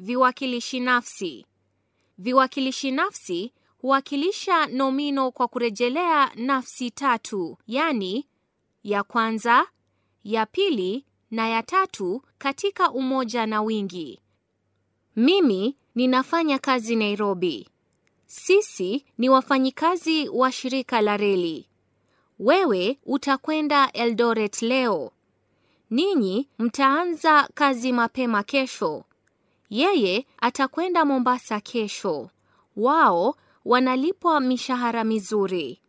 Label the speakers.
Speaker 1: Viwakilishi nafsi. Viwakilishi nafsi huwakilisha nomino kwa kurejelea nafsi tatu, yani ya kwanza, ya pili na ya tatu katika umoja na wingi. Mimi ninafanya kazi Nairobi. Sisi ni wafanyikazi wa shirika la reli. Wewe utakwenda Eldoret leo. Ninyi mtaanza kazi mapema kesho. Yeye atakwenda Mombasa kesho. Wao wanalipwa mishahara
Speaker 2: mizuri.